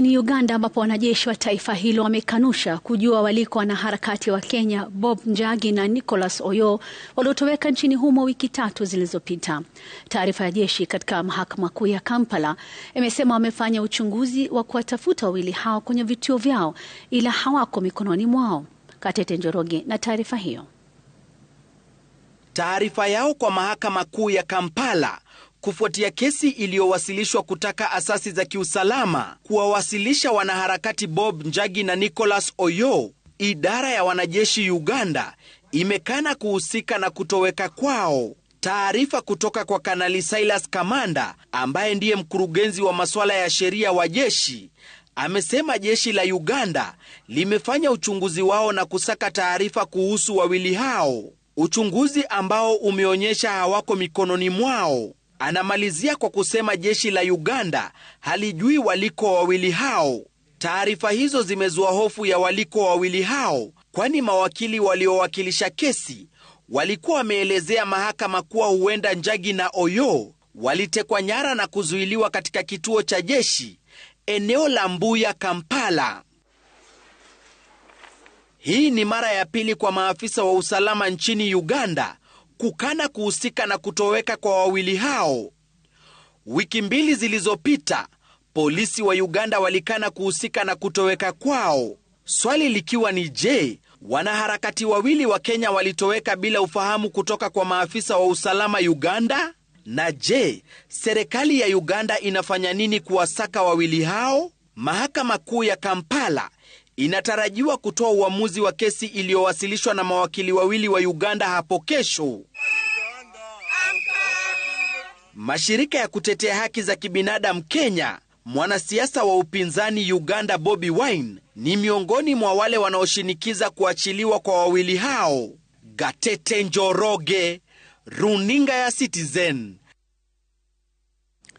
nchini Uganda ambapo wanajeshi wa taifa hilo wamekanusha kujua waliko wanaharakati wa Kenya Bob Njagi na Nicholas Oyo waliotoweka nchini humo wiki tatu zilizopita. Taarifa ya jeshi katika mahakama kuu ya Kampala imesema wamefanya uchunguzi wa kuwatafuta wawili hao kwenye vituo vyao ila hawako mikononi mwao. Katete Njoroge na taarifa hiyo. Taarifa yao kwa mahakama kuu ya Kampala kufuatia kesi iliyowasilishwa kutaka asasi za kiusalama kuwawasilisha wanaharakati Bob Njagi na Nicholas Oyo. Idara ya wanajeshi Uganda imekana kuhusika na kutoweka kwao. Taarifa kutoka kwa Kanali Silas Kamanda ambaye ndiye mkurugenzi wa masuala ya sheria wa jeshi amesema jeshi la Uganda limefanya uchunguzi wao na kusaka taarifa kuhusu wawili hao, uchunguzi ambao umeonyesha hawako mikononi mwao. Anamalizia kwa kusema jeshi la Uganda halijui waliko wawili hao. Taarifa hizo zimezua hofu ya waliko wawili hao, kwani mawakili waliowakilisha kesi walikuwa wameelezea mahakama kuwa huenda Njagi na Oyo walitekwa nyara na kuzuiliwa katika kituo cha jeshi eneo la Mbuya, Kampala. Hii ni mara ya pili kwa maafisa wa usalama nchini Uganda kukana kuhusika na kutoweka kwa wawili hao. Wiki mbili zilizopita, polisi wa Uganda walikana kuhusika na kutoweka kwao, swali likiwa ni je, wanaharakati wawili wa Kenya walitoweka bila ufahamu kutoka kwa maafisa wa usalama Uganda? Na je, serikali ya Uganda inafanya nini kuwasaka wawili hao? Mahakama Kuu ya Kampala inatarajiwa kutoa uamuzi wa kesi iliyowasilishwa na mawakili wawili wa Uganda hapo kesho. Mashirika ya kutetea haki za kibinadamu Kenya, mwanasiasa wa upinzani Uganda Bobi Wine ni miongoni mwa wale wanaoshinikiza kuachiliwa kwa wawili hao. Gatete Njoroge, Runinga ya Citizen.